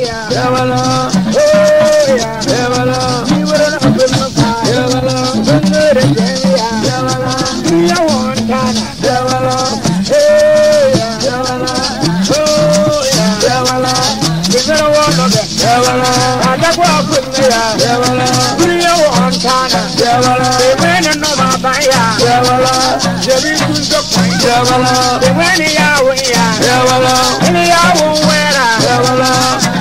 yeah! Jẹ́bi kúndọ̀kùn. Jẹ́wọ́lá. Ìwé ni yàwó yà. Jẹ́wọ́lá. Ìní yàwó wọ.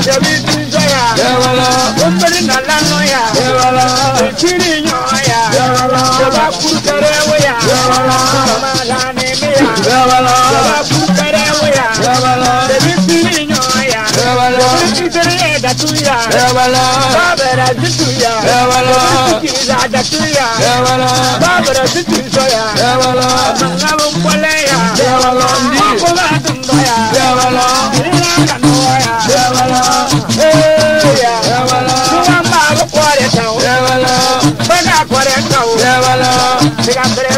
Yẹmi tún jọra. Yẹwọlọ. Ó pẹ́lí nà lánà yà. Yẹwọlọ. Ìkírí yàn yà. Yẹwọlọ. Yọba kú kẹrẹ wọ yà. Yẹwọlọ. Màmá lánà mi yà. Yẹwọlọ. Yọba kú kẹrẹ wọ yà. Yẹwọlọ. Yẹmi kiri yàn yà. Yẹwọlọ. Yẹmi kiri yà dàtú yà. Yẹwọlọ. Bábẹ̀rẹ̀ àdìtú yà. Yẹwọlọ. Yẹmi kiri yà dàtú yà. Yẹwọlọ. Bábẹ̀rẹ̀ àdìtú sọ yà. Yẹwọlọ. Màmá Devalo,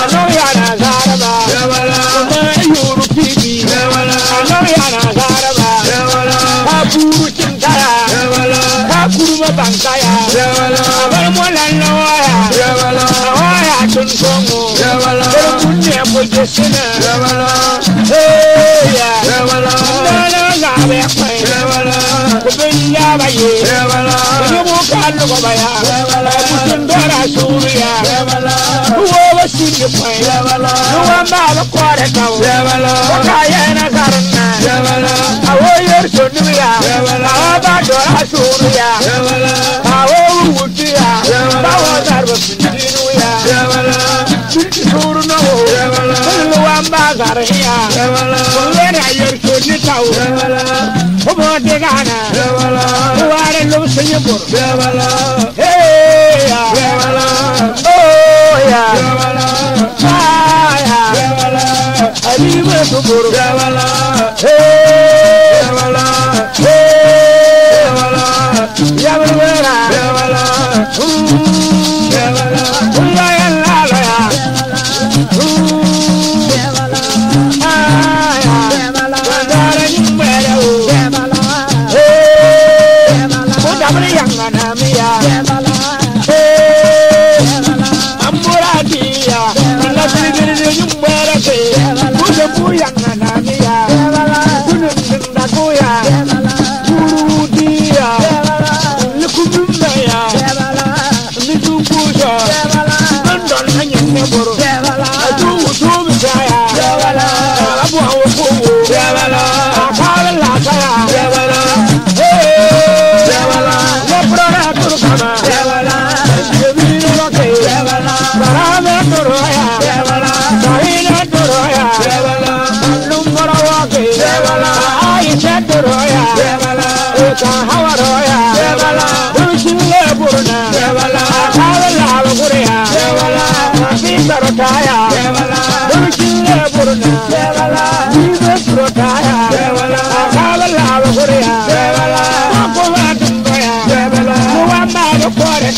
barmunan na wufiya bawo darba fidinuya jirki suru nawo kullu wamba garhiya kullen ayar kuni taw hobo digana ware lum sunyi bur hey ya oh ya ah ya ali ba bur hey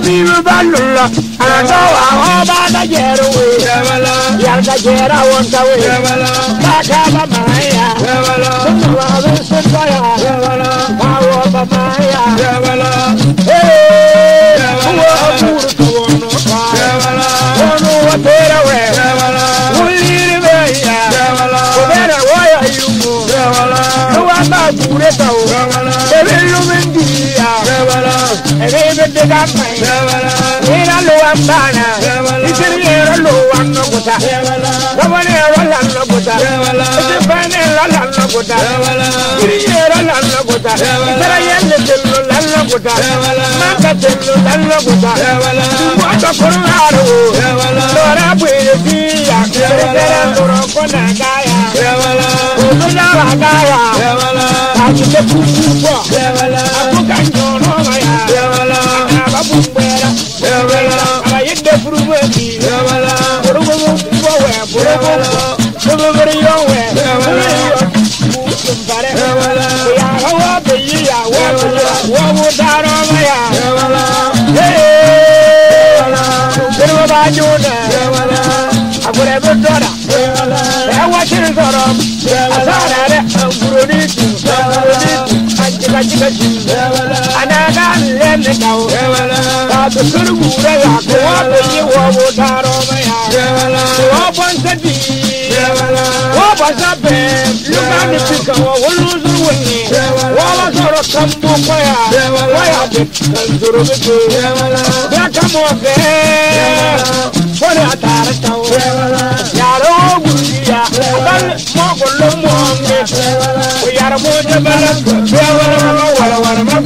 biru balulla anato aho bada jeru we yarda jera wonta we baka ba maya sunna wa bin sunna ya awo ba maya eh wo amuru to wono ba wono wa tera we uliri be ya obera wo ya yumo wa ba gure tawo ebebe de ka mayi ira lo wa mbana isiri yɛrɛ lo wa nɔgota dɔbɔni yɛrɛ la nɔgota esefani yɛrɛ to nɔgota yiri yɛrɛ la nɔgota isara yɛ le telo la nɔgota maka telo la nɔgota tumɔ tɔkuru haro lɔra bere bi ya kɛrɛkɛrɛ sɔrɔ kɔna kaya olu n'a go. kaya a tun bɛ kuku bɔ a tun ka jɔ. Yabala. Borogogo bọwẹ borogo. Bobebere yọwẹ. Yabala. Nfare. Yabala. Ìyàwó wa bẹ yí ìyàwó bẹ yí. Wọ́n mú dáná mọ́ yà. Yabala. Yabala. Bẹ́ẹ̀ni wọ́n bá jó nà. Yabala. Àgùrẹ̀ bẹ dọ̀dà. Yabala. Ẹ wá kiri sọ̀rọ̀. Yabala. Àtàrà rẹ̀ àgùrò ní ìtù. Àgùrò ní ìtù. Àjìkàjìkàjì. Yabala. Àná ni dawo. Ka ta turgu daga kowa ta yi wa wutaro sadi. Kowa ban sabe. Luka ni fika wa wulu zurwun ne. Kowa soro kan bu kwaya. Kwaya ta kan biki. Ya kama wa fe. Kone a tare tawo. Yaro guriya. Adan mokolon mu hange. Ku yarbo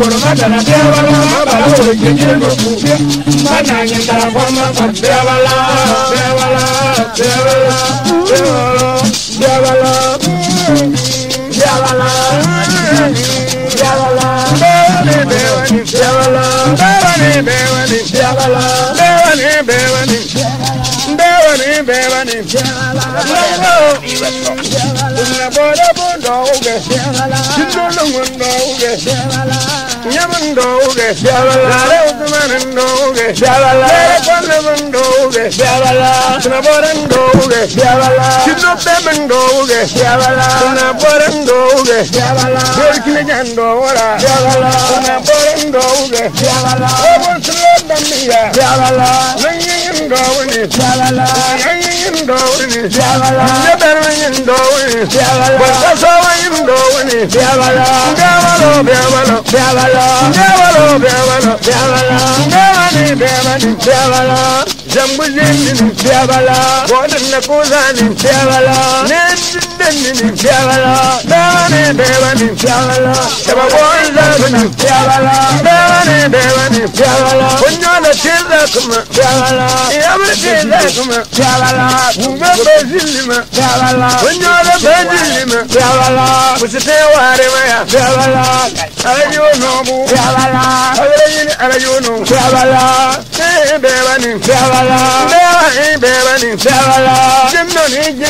koro madana bebala mabala olengejelokuke bananye ndala kwamaka bebala bebala bebala bebala bebala bebala bebala bewani bewala bewani bewani bewala bewani bewani bewani bewani bewala restaurant. Unabora bundoge, chindolongundoge, nyamundoge, lare la la. pannamundoge, unaborandoge, chindopemandoge, unaborandoge, yorkinajandora, unaborandoge, obosulandamiya, la la. downi jabala ne berwin downi jabala wata sawayin downi jabala jabalo jabalo jabalo jabalo jabalo jabala jabani jabani jabala Jambuzin in Piavala, Gordon Nakozan in Piavala, Nesden in Piavala, Bevane Bevan in Piavala, Saba Wanda in Piavala, Bevane Bevan in Piavala, Punyala Tilda Kuma Piavala, Yamla Tilda Kuma Piavala, Muga Bezilima Piavala, Punyala Bezilima Piavala, Pusate Warimaya Piavala, Arayo Nobu Piavala, Arayo Arayo Nobu Piavala, Hey! ni fẹ́ rárá. bẹ́ẹ̀ ni bẹ́ẹ̀ ni fẹ́ rárá. jẹ́ náà jẹ́.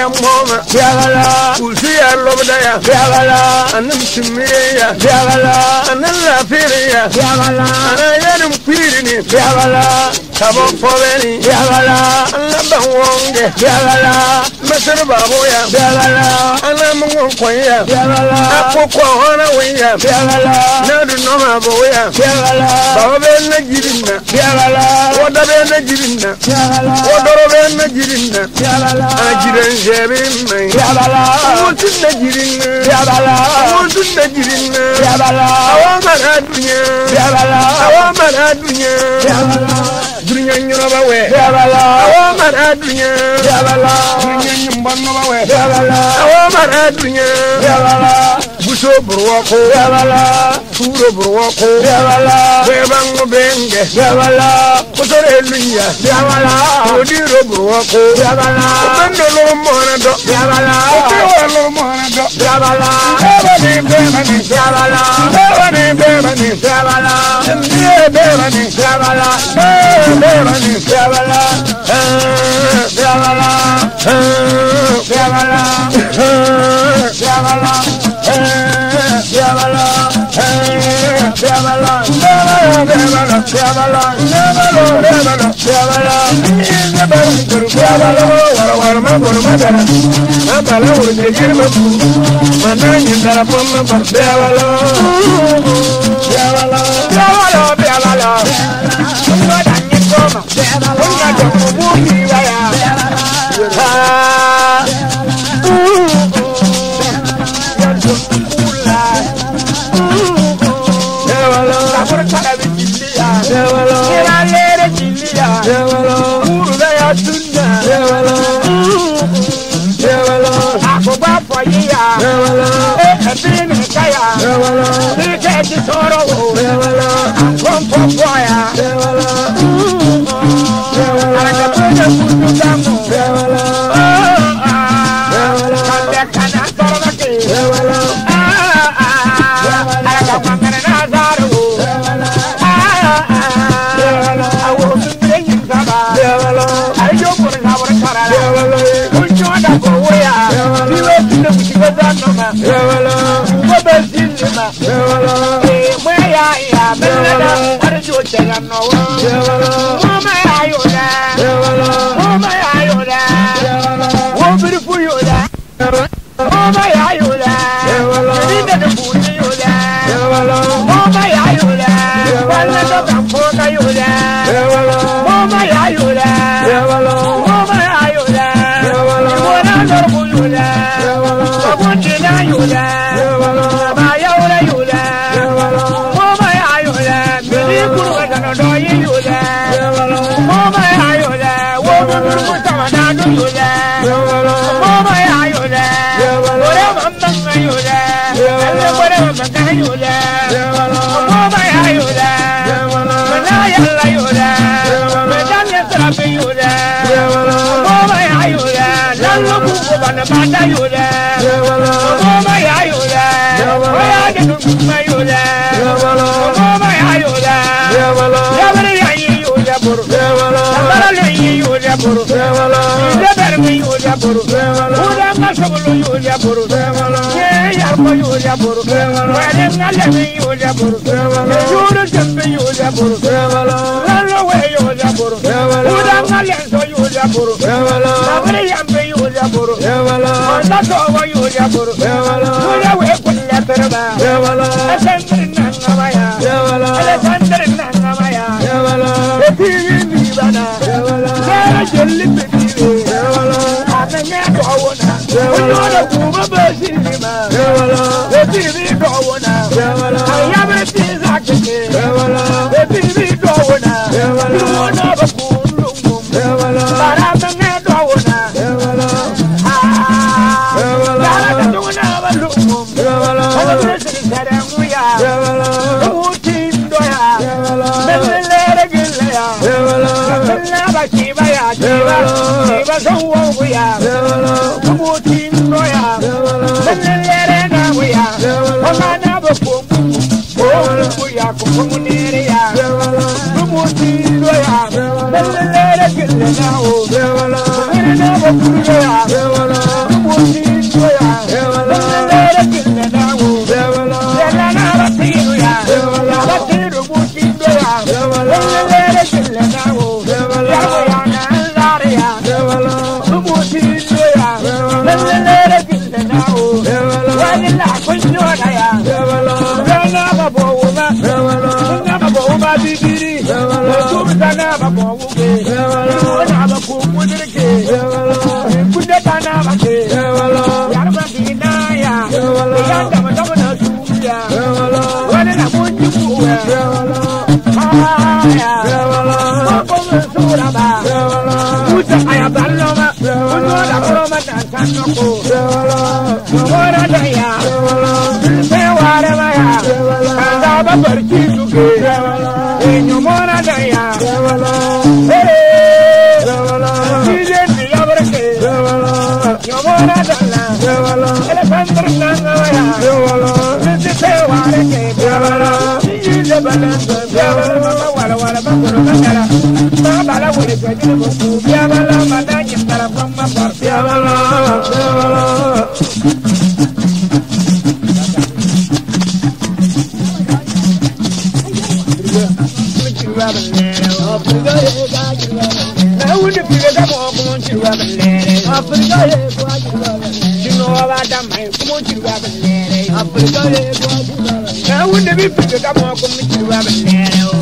yam goma yagala kulsi ya lobda ya yagala anam simire ya yagala anan lafire ya yagala anan yanum kwirini yagala sabo pobeni yagala anam bangonge yagala masar babu ya yagala mu ŋun kɔn yɛ. akoko hɔn Ya yɛ. ne dun nɔ ma bɔ jiri na. wɔda bɛ ne jiri na. wɔdɔrɔ bɛ ne jiri na. a jire n zɛ bɛ ma ye. ŋun tun ne jiri na. ŋun tun ne jiri na. awa mara dunya. awɔ mara dunya. dunya ya bawe yabala o mana dunya yabala dunya nyumba no bawe yabala o mana dunya yabala buso burwako yabala benge odiro lo lo lo bebani bebani bebani Shabala, Shabala, Shabala, Shabala, Shabala, Shabala, Warawara, Maburu, Madara, Mabala, Urikir, Mabu, Manani, Tarapon, Mabar, Shabala, Shabala, Shabala, Shabala, Shabala, Shabala, Shabala, Shabala, Shabala, Shabala, Shabala, sọ̀rọ̀ o àkọ́ńpọ̀pọ̀ àyà àràkàtà ó lè kúndú dámù kàndé kàndé sọ̀rọ̀ lókè àràkà pàmẹ́rẹ́ náà sọ̀rọ̀ o àwọn òṣìṣẹ́ yìí sábà àyíjọ́ kò ní sábà kàrà la kúndú ọ̀dà kò wúyà bí wọ́n ti lè kùtì wọ́n sọ̀rọ̀ mọ́. bàtà yóò lẹ ọmọ ọmọ yà yóò lẹ ọyà dẹnu gbùmọ yóò lẹ ọmọ ọmọ yà yóò lẹ yàwúrẹ yà yín yóò lẹ boro sàbàrà lè yín yóò lẹ boro ìdẹbẹrẹ mi yóò lẹ boro wúdà ń ka sọgbọlọ yóò lẹ boro ṣé yàrá yóò lẹ boro wẹrẹ ń ka lẹbi yóò lẹ boro yóò dẹbẹ yóò lẹ boro lọlọwẹ yóò lẹ boro wúdà ń ka lẹsọ yóò lẹ boro to wa yu ya guru yu ya we kun ya terba asandir na ngama ya alasandir na ngama ya etiwi ni bana sara jolli pekiri amenya to wona unyora kuma basi ma etiwi to wona ayame tiza kike lọ́wọ́lọ́wọ́. ba bibiri ojú tana bakọ wuge ìwọ náà bẹ kó múdirike ìkúndé tana bakẹ yàrá bẹ náà yà ìyá dàmọdàmọ náà tuuru yà wọn ni làwọn ń dìbò wẹ káyà wọn kò mú sóra bá wúta àyàbá lọ́mọ wúta ọ̀dàkọ́rọ́ mọ dàntà nọ́kọ wọn náà dẹ̀ yà bẹ́ẹ̀ wà rẹ̀ bá yà kàńtà ọba bẹ̀rẹ̀. I byabalama bawalawala to babala buli gwegiri muku you nange ddala kwamaba I want bibegamo okumunkirwa baleere kino wunde bi fi ka mo ko mi ci wa ba ne o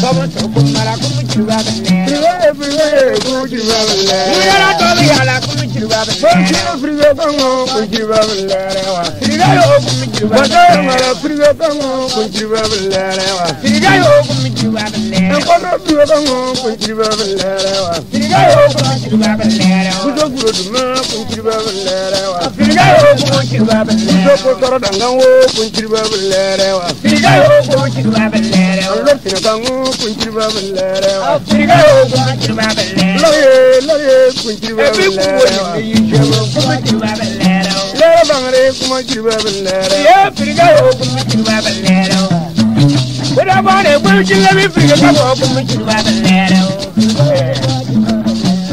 ko mo to ko mara ko mi ci wa ba ne friwe friwe ko mi ci wa ba ne mu yara to bi ala ko mi ci wa ba ne ko ci friwe ko mo ko ci wa ba ne wa friwe yo ko mi ci wa ba ne mara friwe ko mo ko ci wa ba ne wa friwe yo ko mi ci wa ba ne nkɔnɔ biwa ka ŋɔ kuntiriba bi lɛɛrɛ wa. siriga y'o kɔnɔ kuntiriba bi lɛɛrɛ wa. muso kuro duma kuntiriba bi lɛɛrɛ wa. siriga y'o kɔnɔ kuntiriba bi lɛɛrɛ wa. muso ko tɔrɔ dangan wo kuntiriba bi lɛɛrɛ wa. siriga y'o kɔnɔ kuntiriba bi lɛɛrɛ wa. lɔ tina ka ŋɔ kuntiriba bi lɛɛrɛ wa. siriga y'o kɔnɔ kuntiriba bi lɛɛrɛ wa. lɔ ye lɔ ye kuntiriba bi lɛɛrɛ wa. kuntiriba bi lɛɛrɛ wa. lɛɛrɛ bangare kuma kuntiriba bi lɛɛrɛ wa. siriga y'o kɔnɔ kuntiriba bi lɛɛrɛ wa. Without body, will you let me free? Come on, come with you, I'm a lad.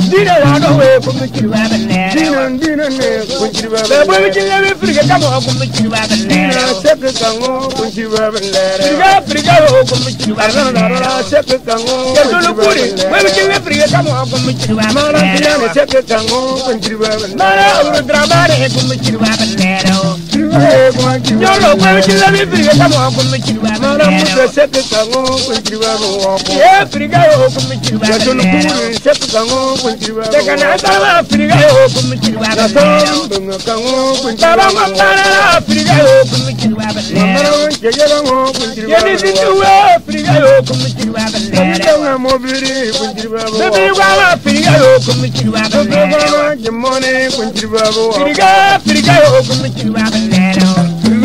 Dina, I know where come with you, I'm a lad. Dina, Dina, will you let me free? Come on, come with you, I'm a lad. Dina, separate tango, come with you, I'm a lad. Friga, friga, come with you, I'm a lad. Separate tango, yes, look good. Will you let me free? Come on, come with you, I'm a lad. Dina, separate tango, come with you, I'm a lad. Mara, I'm a drama, come with you, I'm a lad. yọrọ pé o jìnnà mi bìrì ká mọ ọkùnrin mi jìnnà mọ ọ̀rọ̀ mu fẹ sẹpẹ kàngó kùn jìnnà mọ ọkọ. yẹ bìrì ká yọ ọkùnrin mi jìnnà mọ ọ̀rọ̀ mu fẹ sẹpẹ kàngó kùn jìnnà mi jìnnà mọ ọ̀rọ̀ la bìrì ká yọ ọkùnrin mi jìnnà mọ ọ̀rọ̀ mu. mọ̀mọ́ra wọn jẹjẹ la wọn kùn jìnnà mọ ọ̀rọ̀ mu. yẹni sinji wẹ bìrì ká yọ ọkùnrin mi jìnnà mọ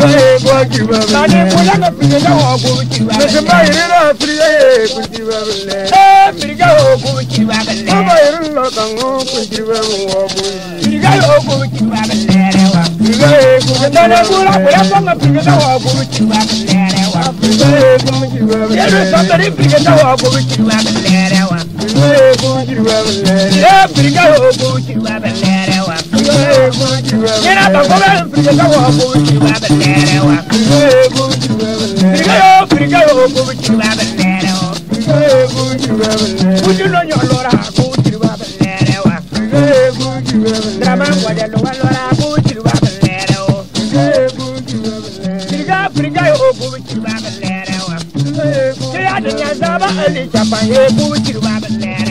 ye bɔ jiba bɛ lɛ. Sani kola ka firikɛ o ko jiba bɛ lɛ. Mɛsɛnba yiri la firikɛ ye ko jiba bɛ lɛ. Ee firikɛ o ko jiba bɛ lɛ. Baba yiri lɔ ka ŋo ko jiba bɛ wɔ bo ye. Firikɛ o ko jiba bɛ lɛ wa. Firikɛ ye ko jiba bɛ lɛ. Sani kola kola fɔ ka firikɛ o ko jiba bɛ lɛ wa. Firikɛ ye ko jiba bɛ lɛ. Yɛrɛ sɔtɔri firikɛ o ko jiba bɛ lɛ wa. Firikɛ ye ko jiba bɛ lɛ. Ee firikɛ o ko jiba bɛ lɛ wa. Mira pa comer, porque yo voy a comer bandera, wa. Frigayo, frigayo, comer bandera, wa. Mucho no yo lora, comer bandera, wa. Drama guarda lo va lora, comer bandera, wa. Frigayo, frigayo, comer bandera, wa. Tira de nyanza ba ali chapa, comer bandera.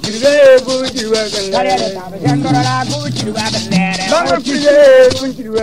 kunchirwe kunchirwa kallere shankarala kunchirwa kallere banga kunchirwe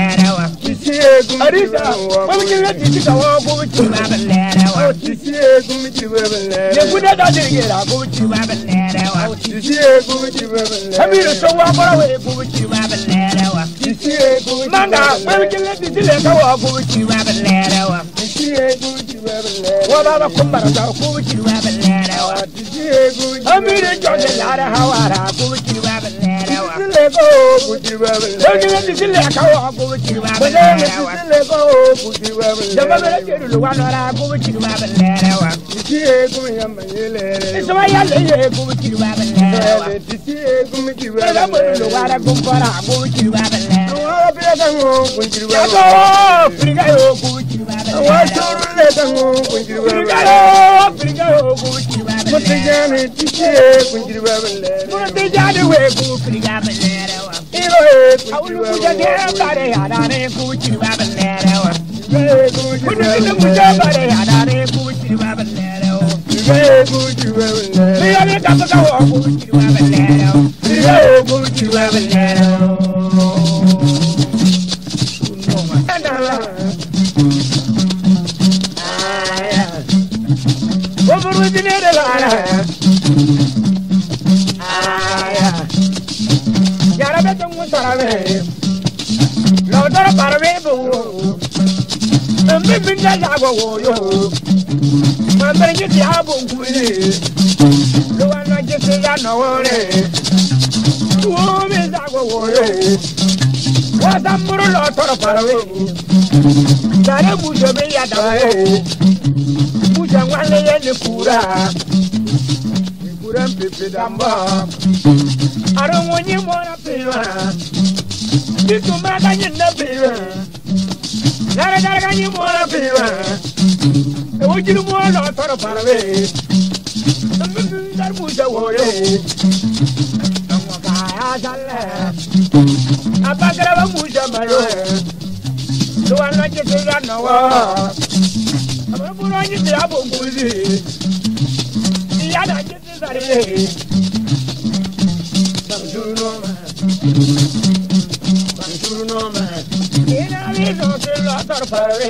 I'm in bẹ̀ lẹ́rẹ̀ wa. ó jungle, ṣẹ́gun tí wà bẹ̀ lẹ́rẹ̀. lè kúndé tó ti yẹra gbogbo tí wà bẹ̀ lẹ́rẹ̀ wa. ó ti ṣẹ́gun tí wà bẹ̀ sílẹ̀ kó o kù ti wẹ̀rẹ̀. lójú mi ti sílẹ̀ káwọ́ agogo ti wà bẹ̀rẹ̀ wa. bọ̀dé mi ti sílẹ̀ kó o kù ti wẹ̀rẹ̀. jọba bẹ̀rẹ̀ ti dùn wà lọ́ra agogo ti wà bẹ̀rẹ̀ wa. títí eégún yẹn mọ̀ yé lẹ́rẹ̀. ìṣọwọ́ yà lè yẹ eégún ti wà bẹ̀rẹ̀ wa. títí eégún ti wà bẹ̀rẹ̀ wa. bẹ̀rẹ̀ bọ̀dùn ló wà rẹ̀ gbọ́n kọ́ra agogo ti bẹ̀rẹ̀ wa. àwọn ọ̀rọ̀ I I'm I'm to gonna gonna go. go. go. go. go. wasoruleta ngokunjiriwamutejane tisie kunjiriwamulmutejane wekufirigamalerewa iroe kunjiriwamulmutejane to kunjiriwamalerewa kunjiriwamulmutejane yadanane kunjiriwamalerewa kunjiriwamulmutejane yadanane kunjiriwamalerewa kunjiriwamulmutejane yadanane kunjiriwamalerewa kuzinere lana aya yara bete mu tarabe lo dara parbe bu mbe minda lago woyo mamere jiti abu nguli lo wo me zago woyo wata muru lo toro dare bujo ya dawe Ija ngwale ye ni kura Mikura mpepe damba Arongo nyi mora pewa Itumra da nyi na pewa Nara darga nyi mora pewa Ewo jiru mwa lo toro parawe Mbibi darbu jawore Nangwa kaya jale Abagraba muja mayo Tuwa na jitu ya nawa onye ibe ya bụ mgbuzi ya na nkịtị zara ihe ị na-arị ịzọ ọkụ ịlụ ọtọrọparị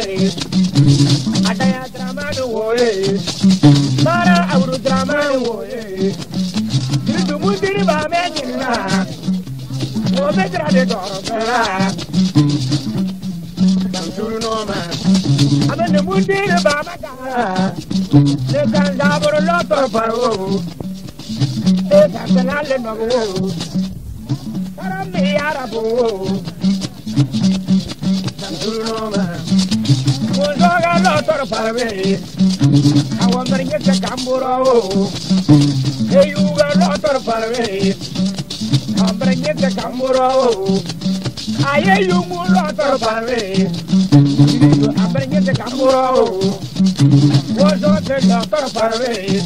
ada ya dramanụ wole mara agbụrụ dramanụ wole diridumu diri ba mejiri na o mejira dị dọrọ bera Banjuru n'ọma abin da mun dina ba maka ne kan zabur lotar faro ne kan sanalin mago karan mai yara bo dan tuno ma kun zo ga lotar farbe a wandar yadda kamburo ne yi ga lotar farbe kambar yadda kamburo a yi yi mu lotar farbe berniente camburo Vuoso che la per parve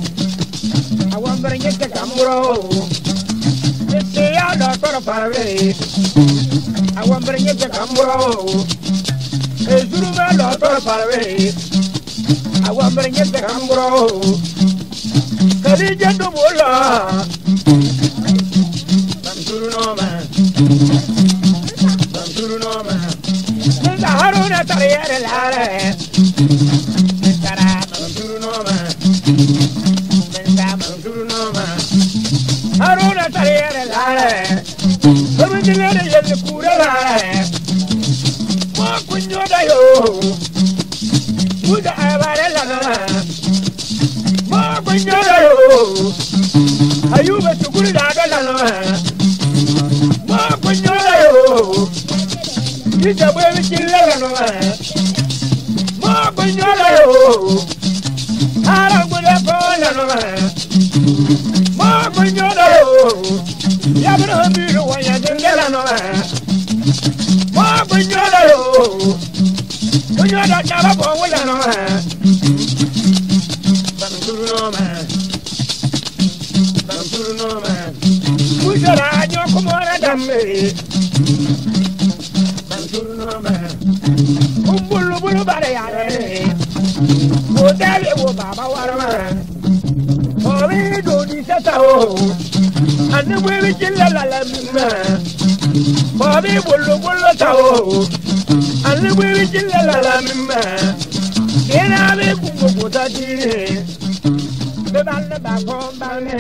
Awan berniente camburo E se ya la per parve Awan berniente camburo E zuru me la per parve Awan berniente man haruna tariyar lare tara haruna tariyar lare sabon jilere yanzu kura lare mo kunyo da yo mu da abare lagara mo kunyo da yo ayuba tukuri da ga lagara mo kunyo da yo Ìjà bóyá mi ti lẹ́rọ̀ nù rẹ̀. Mo gbé yọ lọ o. Ara gbọdọ̀ kọ́ lẹ́nu rẹ̀. Mo gbé yọ lọ o. Yàtọ̀ mi wọ̀ yẹn ti lẹ́rọ̀ nù rẹ̀. Mo gbé yọ lọ o. Lóyún ọ̀dọ̀ tí a bá bọ̀ wọ́n lẹ́nu rẹ̀. Bàmí dúró náà mẹ́. Bàmí dúró náà mẹ́. Kújọ́ra ajọ́ kúmọ́ra dàmé. tẹ́lẹ̀ wo bàbá warawara orí dòdì sẹ́ta o àníwérí ti lẹ́lẹ́lẹ́ mi mẹ́ orí bolobolo ta o àníwérí ti lẹ́lẹ́lẹ́ mi mẹ́ kíni a bí kú gbogbo tó ti rí bí ba ní bàbá ń bá mi.